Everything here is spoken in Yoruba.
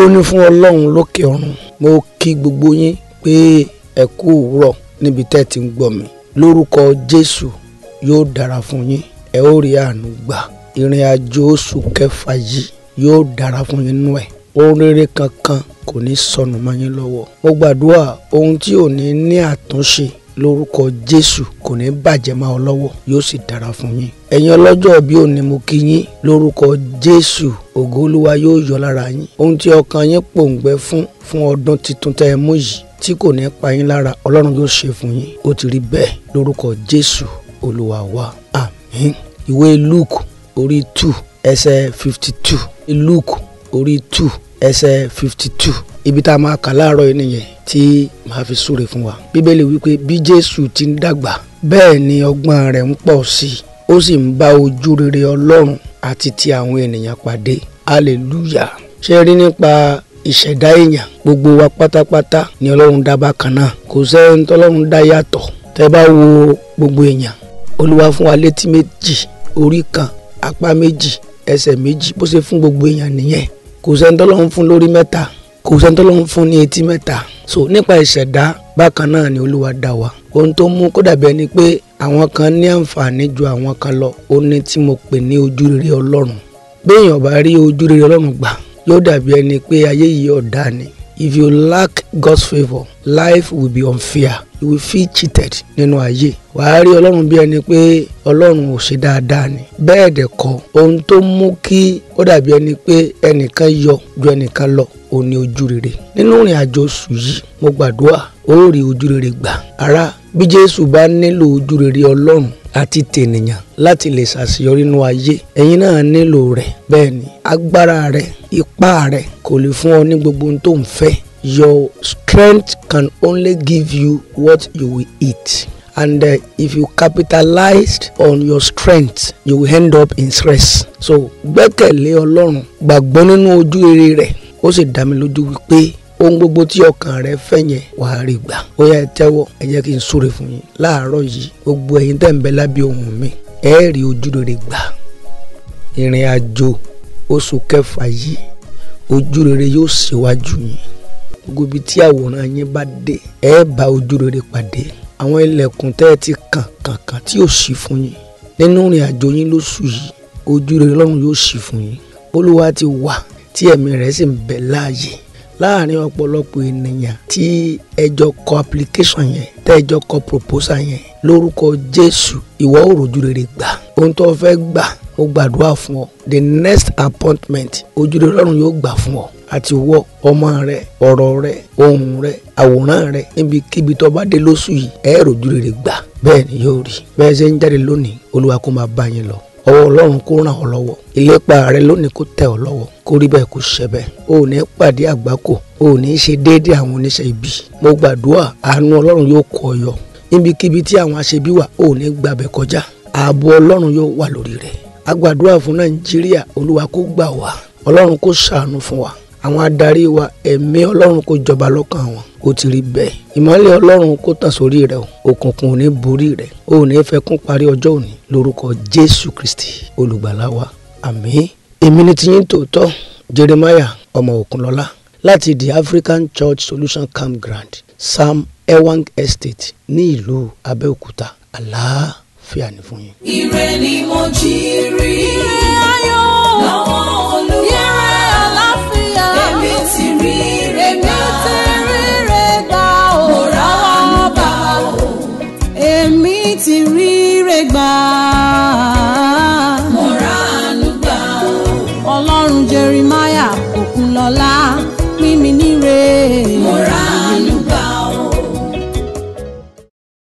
ògo ni fún ọlọ́run lókè ọ̀run mo kí gbogbo yín pé ẹ kú òwúrọ̀ níbi tẹ́ ti ń gbọ́ mi lórúkọ jésù yóò dára fún yín ẹ ó rí àánú gbà ìrìn àjò oṣù kẹfà yìí yóò dára fún yín nú ẹ ohun rere kankan kò ní sọnù mọ́ yín lọ́wọ́ mo gbàdúrà ohun tí ò ní ní àtúnṣe lórúkọ jésù kò ní bàjẹ́ mọ́ ọ lọ́wọ́ yóò sì dára fún yín ẹ̀yin ọlọ́jọ́ bí òní mo kí yín lórúkọ jésù ògo olúwa yóò yọ lára yín ohun tí ọkàn yín pòǹgbẹ fún fún ọdún tuntun tẹ́ ẹ mú yìí tí kò ní pa yín lára ọlọ́run yóò ṣe fún yín ó ti rí bẹ́ẹ̀ lórúkọ jésù olúwa wa àmín ìwé luke orí two ẹsẹ̀ fifty two luke orí two ẹsẹ̀ fifty two ibi tá a máa kà láàárọ̀ yìí nìyẹn tí màá fi súre fún wa bíbélì wípé bí jésù ti ń dàgbà bẹ́ẹ̀ ni ọgbọ́n rẹ̀ ń pọ̀ sí i ó sì ń bá ojú rere ọlọ́run àti ti àwọn ènìyàn pàdé aleluya ṣe rí nípa ìṣẹ̀dá èèyàn gbogbo wa pátápátá ni ọlọ́run dá bákan náà kò sẹ́yìn tọ́lọ́run dá yàtọ̀ tẹ́ bá wo gbogbo èèyàn olúwa fún wa létí méjì orí kan apá méjì ẹsẹ̀ méjì bó ṣe fún gbogbo èèyàn nìyẹn kò sẹ́yìn tọ́lọ́run fún lórí mẹ́ta kò sẹ́ni tọ́lọ́run fún ní etí mẹ́ta so nípa ìṣẹ̀dá bákan náà ni olúwa dá wa ohun tó mú kó dàbí ẹni pé àwọn kan ní àǹfààní ju àwọn kan lọ ó ní tí mo pè ní ojúrere ọlọ́run béèyàn bá rí ojúrere ọlọ́run gbà yóò dàbí ẹni pé ayé yìí ọ̀dà ni if you lack God's favour life will be unfair you will feel cheated nínú ayé wàá rí ọlọ́run bí ẹni pé ọlọ́run ò ṣe dáadáa ni bẹ́ẹ̀ dẹ̀ kọ́ ohun tó mú kí ó dàbí ẹni pé ẹnìkan yọ ju ẹnìkan lọ ò ní ojú rere nínú ìrìn àjò oṣù yìí mo gbàdúrà ó rí ojú rere gbà ara bí jésù bá nílò ojú rere ọlọ́run àti tènìyàn láti lè ṣàṣeyọrí nínú ayé ẹ̀yin náà nílò rẹ̀ bẹ́ẹ̀ ni agbára rẹ̀ ipá rẹ̀ kò lè fún ọ ní gbogbo ohun tó ń fẹ́ your strength can only give you what you will eat and uh, if you capitalized on your strength you will end up in stress so gbẹ́kẹ̀lé ọlọ́run gbàgbọ́ nínú ojú rere rẹ̀ ó sì dá mi lójú wípé ohun gbogbo tí ọkàn rẹ fẹ́ yẹn wàá rí gbà ó yá ẹ tẹ́wọ́ ẹ jẹ́ kí n súre fún yín láàárọ̀ yìí gbogbo ẹ̀yin tẹ̀ ń bẹ lábẹ́ ohùn mi ẹ rí ojú rere gbà ìrìn àjò oṣù kẹfà yìí ojú rere yóò ṣíwájú yín gbogbo ibi tí àwòrán yín bá dé ẹ bá ojú rere pàdé àwọn ilẹ̀kùn tẹ́ ẹ ti kàn kàn kàn tí yóò ṣí fún yín nínú ìrìn àjò yín lóṣù yìí ojú rere lọ́run yóò ṣí fún yín olúwa ti wà tí ẹ̀mí rẹ̀ sì ń bẹ láàyè láàrin ọ̀pọ̀lọpọ̀ ènìyàn tí ẹjọ́ kọ application yẹn tẹ́jọ́ kọ proposal yẹn lórúkọ jésù ìwọ ò rojú rere gbà ohun tó fẹ́ gbà ó gbàdúrà fún ọ the next appointment ojú rere lọ́run yóò gbà fún ọ àti wọ ọmọ rẹ ọ̀rọ̀ rẹ ohun rẹ àwòrán rẹ níbikíbi tó bá dé lóṣù yìí ẹ rojú rere gbà bẹ́ẹ̀ ni yóò rí bẹ́ẹ̀ ṣe ń jáde lónìí olúwa kó máa bá yín lọ ọwọ́ ọlọ́run kó ràn ọ́ lọ́wọ́ ìlépa rẹ lónìí kó tẹ̀ ọ́ lọ́wọ́ kó rí bẹ́ẹ̀ kó ṣẹ bẹ́ẹ̀ o ò ní pàdé àgbákò o ò ní ṣe déédéé àwọn oníṣẹ́ ibi mo gbàdúrà àánú ọlọ́run yóò kó ọ yọ níbikíbi tí àwọn aṣebi wà o ò ní gbàbẹ̀ kọjá ààbò ọlọ́run yóò wà lórí rẹ̀ a fún nàìjíríà olúwa kó gbà wá ọlọ́run kó ṣàánú fún wa àwọn adarí wa ẹ̀mí ọlọ́run kó jọba lọ́kàn wọn ó ti rí bẹ́ẹ̀ ìmọ́lẹ̀ ọlọ́run kó tàn sórí rẹ o òkùnkùn ò ní borí rẹ o ò ní fẹkún parí ọjọ́ òní lórúkọ jésù kristi olùgbàlà wa èmi ni tiyín tòótọ́ jeremiah ọmọ òkunlọ́lá láti the african church solution Camp campground sam ewang estate ní ìlú abẹ́òkúta àlàáfíà ní fún yín. ire ni mo jí rí i. ọlọ́run jeremiah òkunlọ́lá.